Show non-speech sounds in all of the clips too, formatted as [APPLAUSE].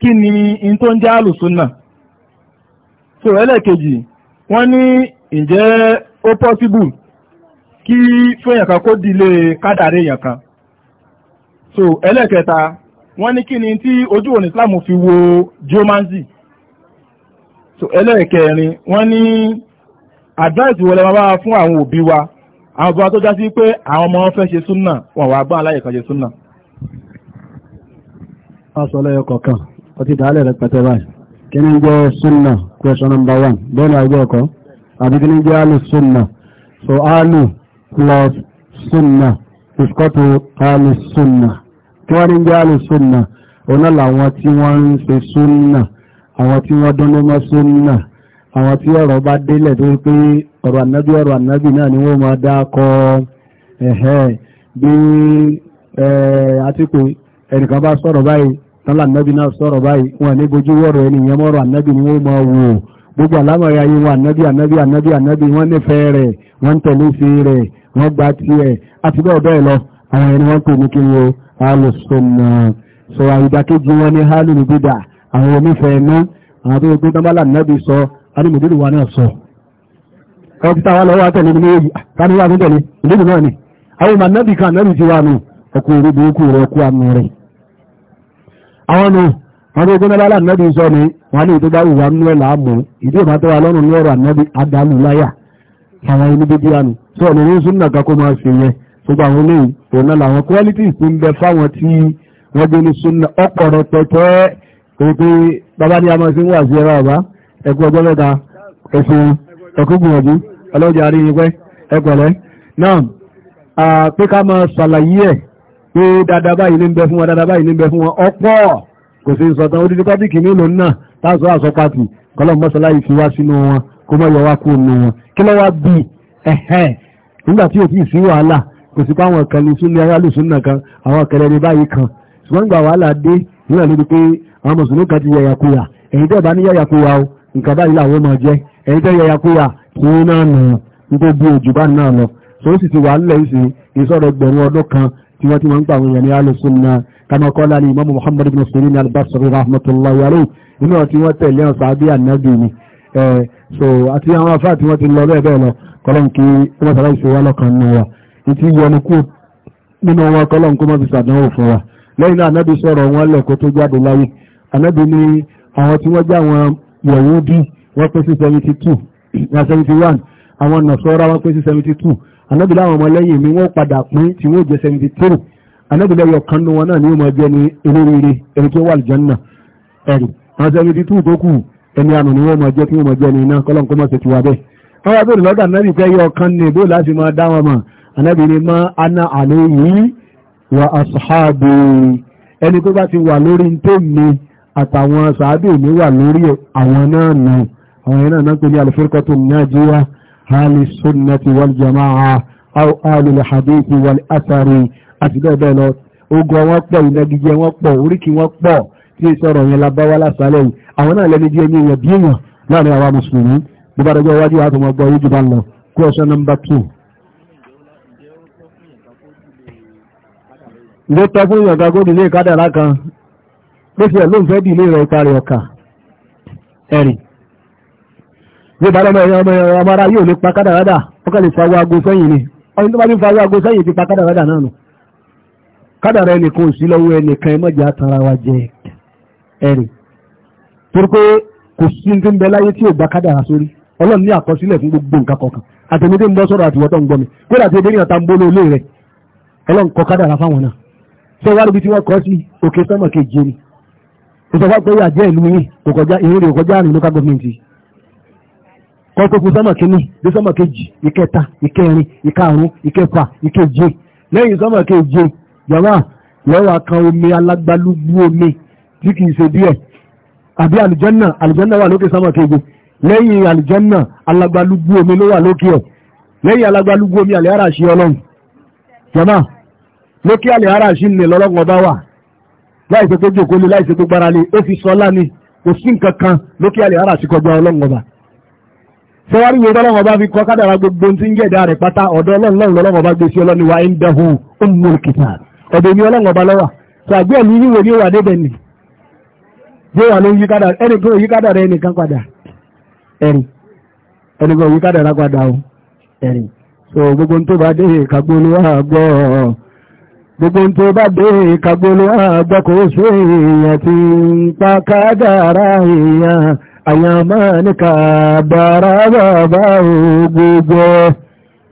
kí ni in tó ń jẹ́ àlùsùnà so ẹlẹ́ẹ̀kejì wọ́n ní ǹjẹ́ ó pọ́síbù kí fún èèyàn kan kó dilé kádàrí èèyàn kan so ẹlẹ́ẹ̀kẹta wọ́n ní kí ni tí ojú òní Islam fi wo geomancy so ẹlẹ́ẹ̀kẹrin wọ́n ní advice wo lè máa bá fún àwọn òbí wa àwọn òbí wa tó já sí pé àwọn ọmọ wọn fẹ́ ṣe súnà wọn wà gbọ́n aláyè kan ṣe súnà. a sọ lẹ́yọ kọ̀ọ̀kan ó ti dàálẹ̀ rẹpẹtẹ báyìí kí ni jẹ́ sunna question number one bẹ́ẹ̀ ni àjọ ọkọ̀ àbí kí ni jẹ́ alu sunna so alu plus sunna ìfikọ́tò alu sunna kí wọ́n ní jẹ́ alu sunna ọ̀nà làwọn tí wọ́n ń ṣe sunna àwọn tí wọ́n dúnlé mọ́ sunna àwọn tí ọ̀rọ̀ bá délẹ̀ tó pé ọ̀rọ̀ ànábì ọ̀rọ̀ ànábì náà ni wọ́n máa dá kọ ẹ̀hẹ́ bí àtìkù ẹnìkan bá sọ̀rọ̀ báyìí tọ́lá ànábì náà sọ̀rọ̀ báyìí wọn ní bojú wọ̀rọ̀ ẹni ìyẹn mọ́rọ̀ ànábì ni wọ́n wò gbogbo àlámọ̀rẹ́ ayé wọn ànábì ànábì ànábì ànábì wọ́n nífẹ̀ẹ́ rẹ̀ wọ́n tẹ̀lé sí rẹ̀ wọ́n gba tiẹ̀ àti bẹ́ẹ̀ bẹ́ẹ̀ lọ àwọn ẹni wọ́n pè ní kí wọn ní hálù ní bídà sọ wa náà sọ àwọn nù wọ́n tó gbóná bálá nẹ́bí sọ ni wọ́n ní ìtọ́gbà ìwà nínú ẹ̀ láàmú ìdí ìmọ̀ tó wà lọ́rùn ní ọ̀rọ̀ ànẹ́bí adánù láyà àwọn inú bíbí ànù tí ọ̀nà ní súnà kakó máa ṣe yẹn gbogbo àwọn olóyìn òun náà làwọn qualities ń bẹ fáwọn tí wọ́n gbé ní súnà ọ̀pọ̀ rẹpẹtẹ èpè bàbá ní amọ̀ sí wà sí ẹ̀rọ àbá ẹ̀kú ọjọ́ mẹ́ta ẹ̀sìn ẹ̀kú gbìyànjú ọlọ́jà àríyìn pẹ́ ẹ̀pẹ̀lẹ́ náà pé ká máa ṣàlàyé ẹ̀ pé dadaa báyìí ní ń bẹ fún wọn dáadáa báyìí ní ń bẹ fún wọn ọ̀pọ̀ kò sí sọ̀tàn odidi tọ́pìkì nílò náà táàsọ àsọpàtì kọlọ̀ mọ́sálá yìí fi wá sínú wọn kó mọ́ yọ wá kó nu wọn kí lọ́wọ́ bí ẹ̀hẹ́ nígbà tí òfin sí wàhálà kò sí páwọn kan ní súnlé ayálùsùn náà kan àwọn kẹlẹ́ ní báyìí kan ṣùgbọ́n gbà wàhálà dé nígbà lórí pé àwọn mùsùlùmí kan ti yẹ̀yàkuyà ẹ̀yin tẹ́ bá ní o nǹkan báyìí làwọn ẹ̀yin tẹ́ kí wọ́n náà nù bí òjò bá náà kan tí wọ́n ti wọ́n ń gbà wọ́n yẹn ní alùsùnà kama qala ní imamu muhammad ibn sirin al-basri rahmatullahi alayhi inú ọtí wọ́n tẹ̀lé ọ̀sán àbí ànábì ni so àti àwọn afá tí wọ́n ti lọ bẹ́ẹ̀ bẹ́ẹ̀ lọ kọlọ́n kí wọ́n sọ̀rọ̀ ìṣòwò ọlọ́kan nù wa ìtì yọnu kú nínú wọn kọlọ́n kó má fi sàdánwò fún wa lẹ́yìn náà ànábì sọ̀rọ̀ wọn lẹ̀ kó tó jáde láyé ànábì ní àwọn tí wọ́n jẹ́ [CLEARS THROAT] anábìlẹ̀ àwọn ọmọlẹ́yìn mi wọ́n padà pín tí wọ́n jẹ́ seventy three anábìlẹ̀ yọ kan nu wọn náà ni ó máa jẹ́ ní olóríire ẹni tó wà lìjánná ẹ̀rì àwọn seventy two tó kù ẹni àná ni wọ́n máa jẹ́ kí wọ́n máa jẹ́ ní iná kọ́lọ́n kó má ṣe ti wá bẹ́ẹ̀. wọ́n wá bèrè lọ́dọ̀ anábì fẹ́ yọ kan ní bó láti máa dá wọn mọ̀ anábì ni má aná àlẹ́ yìí wà aṣáàbì ẹni tó bá ti wà lórí ntòmí àtàwọn sàábì mi wà lórí àwọn náà nù àwọn yẹn náà náà pè ní àlùfẹ́kọ̀tò náà jí أهل السنة والجماعة أو آل الحديث والأثر أتدبلت ogun wọn pọ̀ ìnagijẹ wọn pọ̀ oríkì wọn pọ̀ tí è sọ̀rọ̀ yẹn labáwá lásàlẹ̀ yìí àwọn náà lẹ́ni jẹ́ yẹn bí èèyàn láàrin àwa mùsùlùmí bí bá dọjọ́ iwájú àtọmọ gbọ́ yóò jùlọ lọ question number two. ló tọ́ fún ìyọ̀gá gómìnà ilé ìkádàrá kan pèsè ẹ̀ ló ń fẹ́ dìlé rẹ̀ ìparí ọkà ẹ̀rìn ní ìbálòmọ̀ ẹ̀yàn ọmọ ẹ̀yàn ọmọ ara yóò lè pa kádàrádà ó kẹ́lẹ̀ fa ni ọdún tó bá ní fa aago ti pa kádàrádà náà nù kádàrá ẹnìkan ò sí lọ́wọ́ ẹnìkan ẹmọ́jà tara wa jẹ ẹ̀rì torí pé kò sí ní bẹ láyé tí ò bá kádàrá sórí ọlọ́run ní àkọsílẹ̀ fún gbogbo nǹkan kọ̀ọ̀kan àtẹnudé ń bọ́ sọ̀rọ̀ àtiwọ́tọ̀ ń gbọ́ mi kódà tí ebèrè àtà ń bọ́ lóòlé rẹ̀ ọlọ́run kọ kádàrá fáwọn náà ṣé wàá níbi tí wọ́n kọ́ sí ni ìsọfà pé wọ́n tó fún sọ́mọ̀ kínní dé sọ́mọ̀ kejì ìkẹta ìkẹrin ìkarùn ìkẹfà ìkeje lẹ́yìn sọ́mọ̀ keje yàrá lọ́wọ́ kan omi alágbálúgbú omi tí kìí ṣe díẹ̀ àbí àlùjànnà àlùjànnà wà lókè sọ́mọ̀ keje lẹ́yìn àlùjànnà alágbálúgbú omi ló wà lókè ẹ̀ lẹ́yìn alágbálúgbú omi àlẹ́ ara ṣe ọlọ́run yàrá lókè àlẹ́ ara ṣe ń lè lọ́lọ́gbọ̀n bá wà láìsẹ̀ sọwárí wo tọ́lọ́wọ́ bá fi kọ́ kádàrà gbogbo tí ń jẹ́dá rẹ̀ pátá ọ̀dọ̀ ọlọ́run lọ́wọ́ bá gbé sí ọlọ́ni wa ń dẹ̀hu ummul kitab ọ̀dọ̀ ni ọlọ́run ọba lọ́wà ṣàgbé ẹ̀mí yíwo ni ó wà débẹ̀ nì yóò wà ló yí kádàrà ẹnìkan yí kádàrà ẹnìkan padà ẹ̀rì ẹnìkan yí kádàrà padà o ẹ̀rì so gbogbo tó bá dé kagbó ló wà gbọ́ gbogbo tó bá dé kagbó gbọ́ kò sí èèyàn ti ń pa kádàrà èèyàn àyàmánìkà bàrà bàbá ògbogbo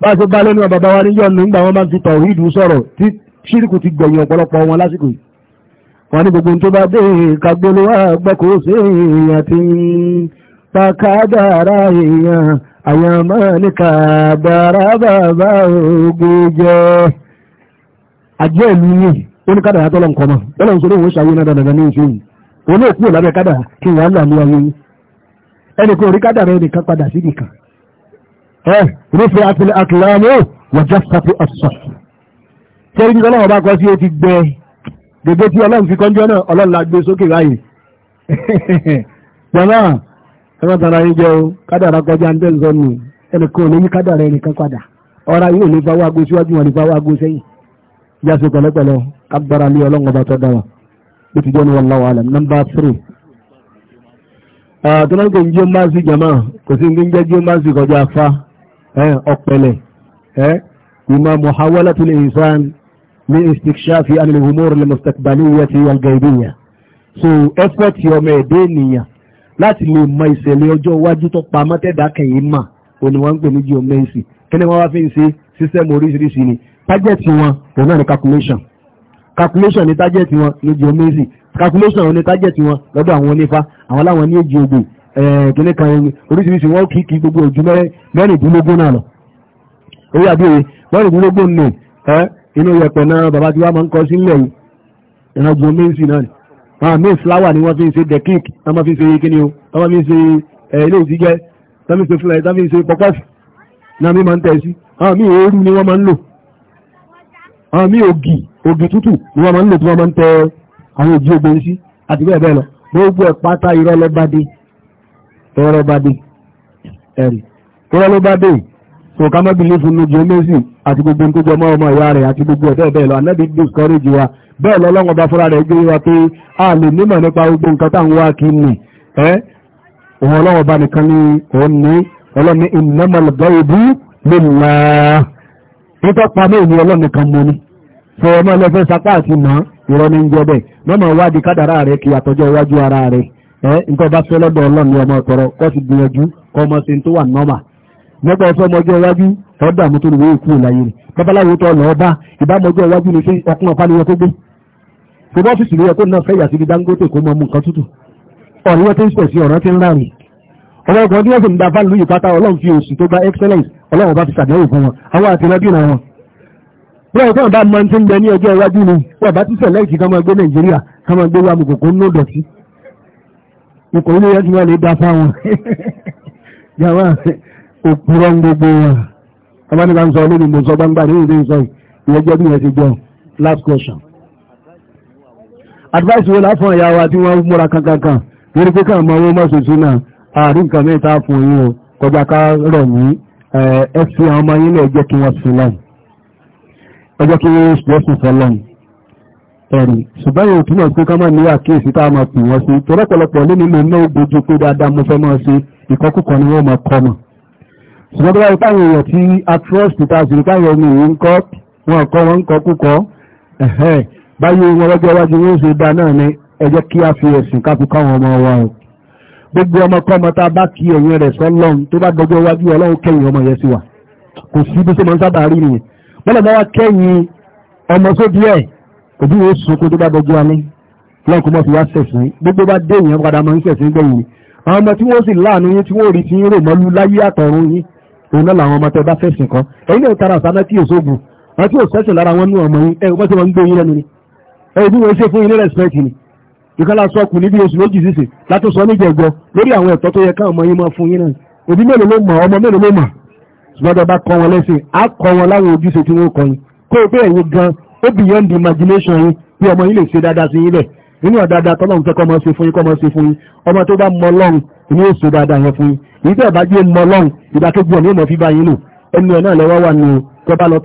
bá ṣe bá lẹ́nu bàbá wa ní yọ̀nù nígbà wọn bá ti tọ̀ ìdù sọ̀rọ̀ tí ṣíríkù ti gbẹ̀yìn ọ̀pọ̀lọpọ̀ wọn lásìkò yìí wọn ní gbogbo tó bá dé kagbolo àgbẹ̀kọ̀ sí èèyàn ti pàkádàrà èèyàn àyàmánìkà bàrà bàbá ògbogbo àjẹ́ ìlú yìí ó ní kádàrá tọ́lọ̀ nǹkan mọ́ tọ́lọ̀ ń náà dandandan ní ìṣẹ́yìn òun lábẹ́ kádàrá kí wọ́n á lò ayé yìí ẹnìkan orí kádàrá ẹnìkan padà sí nìkan ẹ rúfin àtìlẹ àkìlámù wọjọ sàfù ọsọsù sẹ́yìn tí ọlọ́run bá kọ sí o ti gbẹ gègé tí ọlọ́run fi kọ́njọ́ náà ọlọ́run la gbé sókè báyìí [LAUGHS] jọba ẹ̀rọ tara yín jẹ́ o kádàrá kọjá ń tẹ̀sán nù ẹnìkan ò ní ní kádàrá ẹnìkan padà ọ̀rá yóò ní fáwọn ago síwájú wọn ní fáwọn ago sẹ́yìn jáse pẹ̀lẹ́pẹ̀lẹ́ kágbára lé ọlọ́run ọba tó dára bó ti jẹ́ ní wallahu alam nọ́mbà three tọ́lọ́gbẹ̀ ní geomasi jama kò sí ní jẹ́ geomasi kọjá afá eh, ọ̀pẹ̀lẹ̀ ìmọ̀ eh, muhawala tó lè ìsán ní istikshafi alìhùmọ́rù lè mustaqbaliyya ti algaibiyya so effort ọmọ ẹ̀dẹ́ ènìyàn láti lè mọ ìṣẹ̀lẹ̀ ọjọ́ iwájú tó pa mọ́tẹ́dá kẹ̀yìn mà òní wọ́n ń pè ní geomasi kí ni wọ́n wá fi ń ṣe sísẹ́mù oríṣiríṣi ni target wọn òun náà ni calculation calculation ní tájẹ̀tì wọn lójú omezi calculation ní tájẹ̀tì wọn lọ́dọ̀ àwọn onífá àwọn láwọn ní èjì ogbò eh, kìnní kan omi oríṣiríṣi wọn kì í kí gbogbo ojú mẹ́rìndínlógún náà lọ orí àbíòye mẹ́rìndínlógún nù ẹ́ eh, inú yẹpẹ̀ náà bàbá tí wọ́n máa ń kọ́ sílẹ̀ yìí ìrànjú omezi náà ni àwọn míì fúláwà ni wọ́n fi ń ṣe dekik wọ́n máa fi ń ṣe kíni o wọ́n máa fi ń ṣe eh, ilé òsì jẹ́ wọ́n fi ń ṣe pọ́pọ́sì náà mi máa ń tẹ̀ sí ni wọ́n àwọn míì ògì ògì tútù ni wọ́n máa ń lò tí wọ́n máa ń tẹ àwọn òjì ogun sí àti bẹ́ẹ̀ bẹ́ẹ̀ lọ gbogbo ẹ̀ pátá irọ́ ló bá dé irọ́ ló bá dé ẹ̀rì irọ́ ló bá dé kò ká má àti gbogbo tó jọmọ́ ọmọ ìyá rẹ̀ àti gbogbo ẹ̀ bẹ́ẹ̀ lọ anábì discourage wa bẹ́ẹ̀ lọ́lọ́wọ́n bá fúnra rẹ̀ gbé wa pé a lè nímọ̀ nípa gbogbo nǹkan táwọn wá kí ni ẹ́ òun ọlọ́wọ́n bá nìkan ní òun ní ọlọ́ni innamal ghaibu lillah ní tó pa mẹ́rin ọlọ́run kan mọ́ ni fọwọ́ mọ́ lẹ́fẹ́ sapá àti nà ìrọ́ ní jẹ́ bẹ́ẹ̀ mọ́mọ́ wádìí kádàrá rẹ̀ àtọ́jọ́ iwájú ara rẹ̀ ẹ́ nǹkan bá fẹ́ lọ́dọ̀ ọlọ́run ọmọ ọ̀tọ̀rọ̀ kọ́ ti gbìyànjú kọ́ ọmọ sí tó wà nọ́mà nígbà ọ̀fẹ́ ọmọjọ́ iwájú tó lè kúrò láyé babaláwo tó lọ́ọ́ bá iwájú ni ọkùn ọ̀pá ni kó gbé ọlọ́gbọ̀n bí wọ́n sì ń da fáàlù yìí pátá ọlọ́run fi òsì tó gba excellence ọlọ́run bá fi ṣàdánwò fún wọn àwọn àti ẹbí náà wọn. bí wọ́n bá máa ń ti ń bẹ ní ọjọ́ iwájú ni wọ́n bá ti sẹ̀lẹ́ẹ̀kì ká máa gbé nàìjíríà ká máa gbé wa mọ̀kòkò ń lòdọ̀ sí. ikọ̀ ilé yẹn ti wọ́n lè da fáwọn yàrá òpùrọ̀ gbogbo wọn. ọba ní ká ń sọ lórí mo last question. advice wo láfọ̀n ìyá wa tí wọ́n múra kankankan lórí pé ààrí nǹkan mẹ́ta fún yín o kọjá ká rọ̀ ní ẹ fi àwọn ọmọ yín lẹ̀ jẹ́ kí wọ́n sin lọ́n ọjọ́ kí wọ́n lẹ́sùn fọ́ lọ́n ẹ̀rì ṣùgbọ́n yóò túnmọ̀ pé ká máa ní àkíyèsí tá a máa pè wọ́n sí tọ́lọ́pọ̀lọpọ̀ lé nínú iná ògbójú pé dáadáa mo fẹ́ máa ṣe ìkọkúkọ ni wọ́n máa kọ́ mọ̀ ṣùgbọ́n bí wọ́n pa àwọn èèyàn lọ́jọ́ iwájú wọn ṣe dáa náà ni ẹ jẹ́ kí a fi ẹ̀sìn ká fi kọ́ ọmọ wa o gbogbo ọmọkọ́mọ tá a bá kí ẹ̀yìn rẹ̀ sọ́lọ́run tó bá dọjọ́ iwájú ọlọ́run kẹ́yìn ọmọ yẹn sí wa kò sí bí sọmọ sábà rí nìyẹn bọ́lá bá wá kẹ́yìn ọmọ sóbi ẹ̀ òbí wo sunkún tó bá dọjọ́ alẹ́ lọ́n kó mọ̀ fi wá sẹ̀sìn gbogbo bá dé èèyàn padà máa ń sẹ̀sìn gbẹ̀yìn ni àwọn ọmọ tí wọ́n sì láàánú yín tí wọ́n rí ti ń rò mọ́lú láyé àtọ̀run yín òun náà làwọn ọmọ tẹ bá fẹ̀sìn kan ẹ̀yin náà tara àsánà tí òṣogun àwọn tí òṣẹ́sìn lára wọn ní ọmọ yín ẹ̀ wọ́n ti wọ́n ń gbé yín lẹ́nu ni ẹ̀ bí wọ́n ṣe fún yín ní rẹ̀spẹ̀tì ni nǹkan la sọ kù níbi oṣù méjì sísè látó sọ níjẹ̀gbọ́ lórí àwọn ẹ̀tọ́ tó yẹ káwọn ọmọ yín máa fún yín náà òbí mélòó ló mọ̀ ọmọ mélòó ló mọ̀ ṣùgbọ́n bá kọ́ wọn lẹ́sìn á kọ́ wọn láwọn ojúṣe tí wọ́n kọ́ yín kó o pé ẹ̀yin gan ó beyond the imagination yín bí ọmọ yín lè ṣe dáadáa sí yín lẹ̀ nínú ọ̀dáadáa tọ́lọ́run fẹ́ kọ́ mọ́ ṣe fún yín kọ́ mọ́ ṣe fún yín ọmọ tó bá mọ lọ́run ni ó ṣe dáadáa yẹn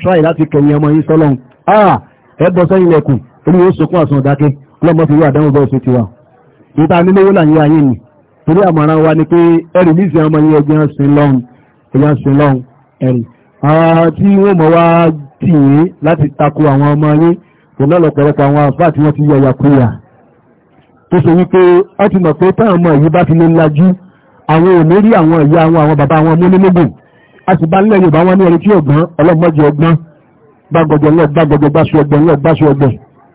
try láti kẹ̀yìn ọmọ yín sọ́lọ́run ah! ẹ bọ́ sẹ́yìn lẹ́kùn ó lọ́mọ fi wá àdánwò bọ́ sókè wa ìta nílówó làyé ayé ni torí àmọ̀ràn wa ni pé ẹrù níṣẹ́ ọmọ yẹn ẹgbẹ́ sin lọ́hùn ẹgbẹ́ sin lọ́hùn ẹrù tí wọ́n mọ̀ wá tì yín láti tako àwọn ọmọ yín kò náà lọ́pọ̀lọpọ̀ àwọn àfáà tí wọ́n ti yọ yàkúyà tó ṣe wípé wọ́n ti mọ̀ pé táwọn ọmọ yìí bá ti lè lajú àwọn ò ní rí àwọn ìyá àwọn àwọn bàbá àwọn múnímógún a sì bá nílẹ̀ Yorùbá wọn ní ẹni tí ọ̀gbọ́n ọlọ́mọdé ọgbọ́n gbàgọ̀dọ̀ lọ gbàgọ̀dọ̀ gbàṣọ ọgbọ̀n lọ gbàṣọ ọgbọ̀n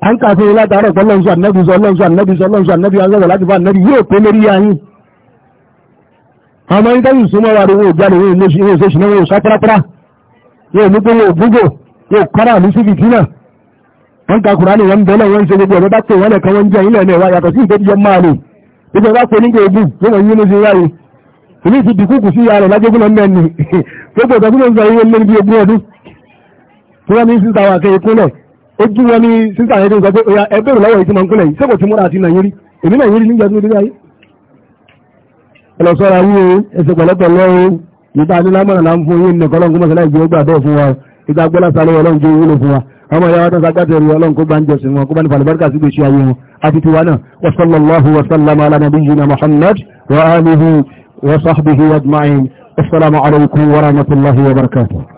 à ń kàfé látàárọ̀ pé ọlọ́run sọ ànábì sọ ọlọ́run sọ ànábì sọ ọlọ́run sọ ànábì sọ láti fún ànábì yóò pé lórí ayín àwọn ẹni tẹ́yìn súnmọ́ wa rí wọn ò jáde wọn ò ṣe ṣìnà wọn ò sá párápárá wọn ò ní pé wọn ò gbúgbò wọn ò kára àmì sí fìtínà wọ́n ka kùránì wọn bẹ́ẹ̀ wọ́n ṣe gbogbo ọ̀dọ́ bá pè wọ́n lẹ̀kan wọ́n jẹ́ ilẹ̀ ẹ̀wà yàtọ̀ sí ìgbẹ́bí jẹ́ máa lò gbogbo ọba pè nígbà ogun tó wọ́n yín lóṣù yáyé èmi ti dìkúkù sí yàrá lájọ́gbọ́n náà mẹ́ni [LAUGHS] gbogbo ọ̀dọ́ tó ń sọ yín lórí bí ogún ọdún tí wọ́n ní sísá wà kẹ́ ikú náà ojú wọn ni sísà yẹn tó ń sọ pé oya ẹ bẹ̀rù lọ́wọ́ yìí tí mo ń kúnlẹ̀ yìí sẹ́kọ̀ọ́ ti múra àti nàìjírí èmi nàìjírí níjà tó délé ayé. ẹlọ́sọ́ra yìí o ẹsẹ̀ pẹ̀lẹ́pẹ̀ lọ́wọ́ ìta anílámọ̀ràn là ń fún yín nìkan lọ́nkún mọ̀sálá ìjọ ó gbàdọ̀ fún wa ìta gbọ́lá sálẹ̀ ọlọ́run tó wúlò fún wa ọmọ ìyá wa tó sàgbàtẹ̀rù ọlọ́run kó gbà ń jọsìn wọn kó bá ní fàlùbáríkà sí gbèsè ayé wọn àti tiwa náà wasallallahu wasallam ala nabiyyina muhammad wa alihi wa sahbihi ajma'in assalamu alaikum wa rahmatullahi wa barakatuh